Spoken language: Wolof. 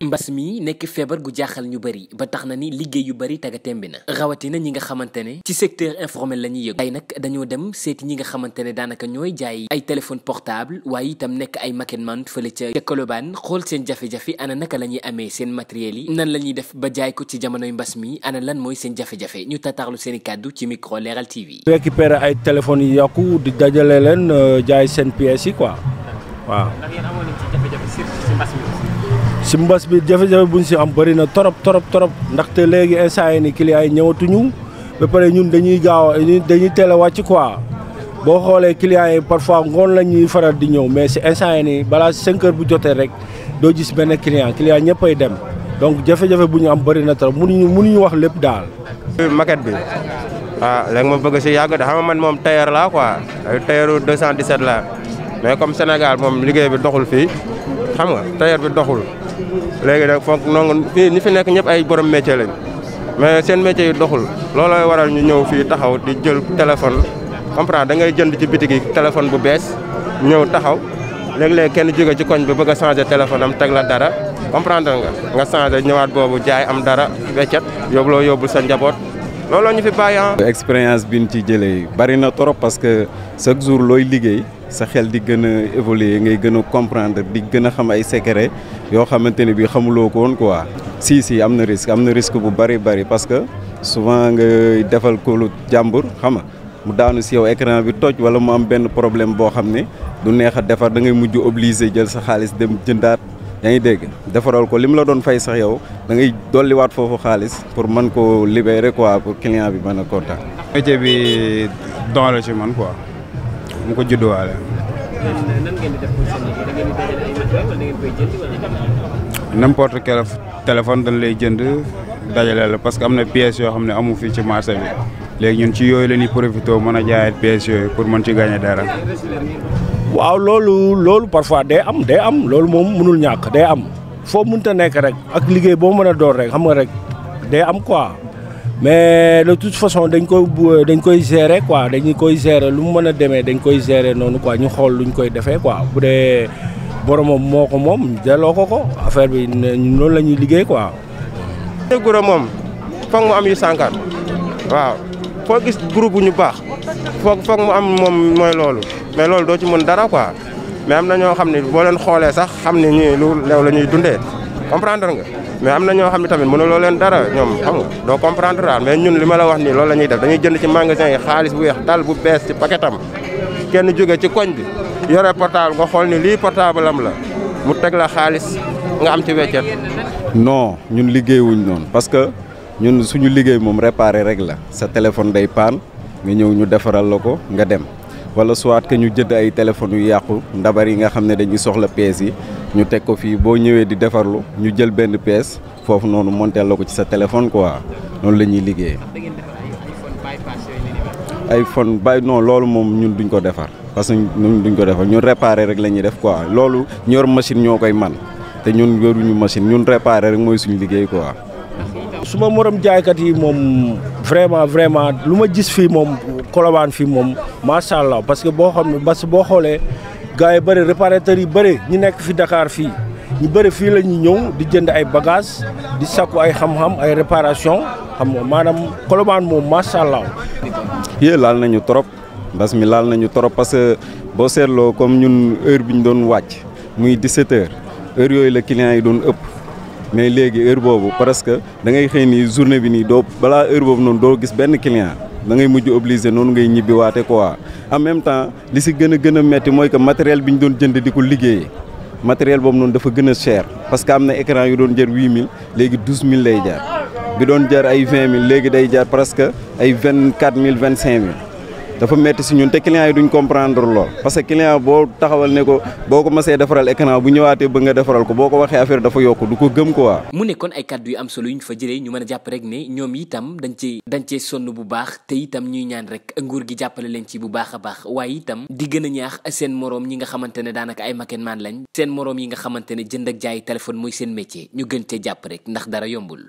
mbas mi nekk feebar gu jaaxal ñu bëri ba tax na ni liggéey yu bëri taga bi na rawatina ñi nga xamante ne ci secteur informel la ñuy yëg tey nag dañoo dem seeti ñi nga xamante ne daanaka ñooy jaay ay téléphone portable waaye itam nekk ay maquette man fële ca ca Colobane xool seen jafe-jafe ana naka la amee seen matériel yi nan la ñuy def ba jaay ko ci jamonoy mbas mi ana lan mooy seen jafe-jafe ñu tataarlu seen i kàddu ci micro Leral TV. récupérer ay téléphones yi yàqu di dajale leen euh, jaay seen pièces yi quoi waaw. si mbas bi jafe-jafe bu ñu si am bëri na torop torop torop ndaxte léegi instant yi ni clients yi ñëwatuñu ba pare ñun dañuy gaaw dañuy teel a wàcc quoi boo xoolee clients yi parfois ngoon la ñuy faral di ñëw mais si instant yi nii balaa 5 bu jotee rek doo gis benn client client ñëpp ay dem donc jafe-jafe bu ñu am bëri na torop mënuñu mënuñu wax lépp daal. maquette bi ah léegi ma bëgg si yàgg de xam man moom tailleur laa quoi ay tailleur 217 laa mais comme Sénégal moom liggéey bi doxul fii xam nga tailleur bi doxul. léegi nag foog noonu fii fi nekk ñëpp ay borom métier lañ mais seen métier yi doxul loolooy waral ñu ñëw fii taxaw di jël téléphone comprendre da ngay jënd ci bitig yi téléphone bu bees ñëw taxaw léeg-léeg kenn jóge ci koñ bi bëgg a changer téléphone am teg dara comprendre nga nga changer ñëwaat boobu jaay am dara weccet yóbbu loo yóbbul sa njaboot looloo ñu fi bàyyi ah. expérience bi ñu ci jëlee bari na trop parce que chaque jour looy liggéey. sa xel di gën a évoluer ngay gën a comprendre di gën a xam ay secret yoo xamante ni bii xamuloo ko woon quoi. si si am na risque am na risque bu bari bari parce que souvent nga defal ko lu jàmbur xam nga mu daanu si yow écran bi toj wala mu am benn problème boo xam ne du neex a defar da ngay mujj obligé jël sa xaalis dem jëndaat. yaa ngi dégg defaral ko li mu la doon fay sax yow da ngay dolliwaat foofu xaalis pour man koo libérer quoi pour client bi mën a kontaan. bi don la man quoi. mu ko judduwaale. nan ngeen di def pour jënd wala. lay jënd dajale la parce que am na pièces yoo xam ne amu fii ci marché bi léegi ñun ci yooyu la ñuy profité mën a jaayat pièces yooyu pour mën ci gagné dara. waaw loolu loolu parfois day am day am loolu moom mënul ñàkk day am foo mënta nekk rek ak liggéey boo mën a door rek xam nga rek day am quoi mais de toute façon dañ koy dañ koy gérer quoi dañu koy gérer lu mu mën a demee dañ koy gérer noonu quoi ñu xool luñ koy defee quoi bu dee boromam moo ko moom delloo ko ko affaire bi noonu la ñuy liggéey quoi. bu guro moom foog mu am yu sànqal waaw foo gis groupe ñu baax foog foog mu am moom mooy loolu mais loolu doo ci mun dara quoi mais am na ñoo xam ne boo leen xoolee sax xam ne ñii lu leew la ñuy dundee comprendre nga. mais am na ñoo xam ne tamit mënuloo leen dara ñoom xam nga doo comprendre daal mais ñun li ma la wax nii loolu la ñuy def dañuy jënd ci magasin yi xaalis bu weex dal bu bees ci paquetam kenn jóge ci koñ bi yore portable nga xool ni lii portable am la mu teg la xaalis nga am ci weccet. non ñun liggéeyuñ noonu parce que ñun suñu liggéey moom réparé rek la sa téléphone day paan nga ñëw ñu defaral la ko nga dem wala soit que ñu jënd ay téléphones yu yàqu ndabar yi nga xam ne dañuy soxla pièces yi. ñu teg ko fii boo ñëwee di defarlu ñu jël benn pièce foofu noonu monteel la ko ci sa téléphone quoi noonu la ñuy liggéey. ay phone bay non loolu moom ñun duñ ko defar parce que ñun duñ ko defar ñun réparer rek la ñuy def quoi loolu ñor machine ñoo koy man te ñun yoruñu machine ñun réparer rek mooy suñu liggéey su ma morom jaaykat yi moom vraiment vraiment lu ma gis fii moom Colobane fii moom macha allah parce que boo xam ne parce que boo xoolee. gars yi bëri réparateurs yi bëri ñu nekk fi Dakar fii ñu bëri fii la ñuy ñëw di jënd ay bagages di sakku ay xam-xam ay réparation xam nga maanaam Colobane moom macha allah. yee laal nañu trop mbas mi laal nañu trop parce que boo seetloo comme ñun heure bi ñu doon wàcc muy 17 heures heure yooyu la clients yi doon ëpp. mais léegi heure boobu presque dangay ngay xëy ni journée bi nii doo balaa heure boobu noonu doo gis benn client. dangay mujj obligé noonu ngay ñibbi waate quoi en même temps li si gën a gën a metti mooy que matériel bi ñu doon jënd di ko liggéeyee matériel boobu noonu dafa gën a cher parce que am na écran yu doon jar huit mille léegi douze mille lay jar bi doon jar ay vingt mille léegi day jar presque ay vingt quatre mille vingt cinq mille dafa metti si ñun te client yi duñu comprendre lool parce que client boo taxawal ne ko boo ko masee defaral écran bu ñëwaatee bëgg nga defaral ko boo ko waxee affaire dafa yokk du ko gëm quoi. mu ne kon ay kàddu yu am solo yu ñu fa jëlee ñu mën a jàpp rek ne ñoom itam dañ cee dañ cee sonn bu baax te itam ñuy ñaan rek nguur gi jàppale leen ci bu baax a baax waaye itam di gën a ñaax seen moroom ñi nga xamante ne daanaka ay maket maan lañ seen moroom yi nga xamante ne jënd ak téléphone mooy seen métier ñu gën jàpp rek ndax dara yombul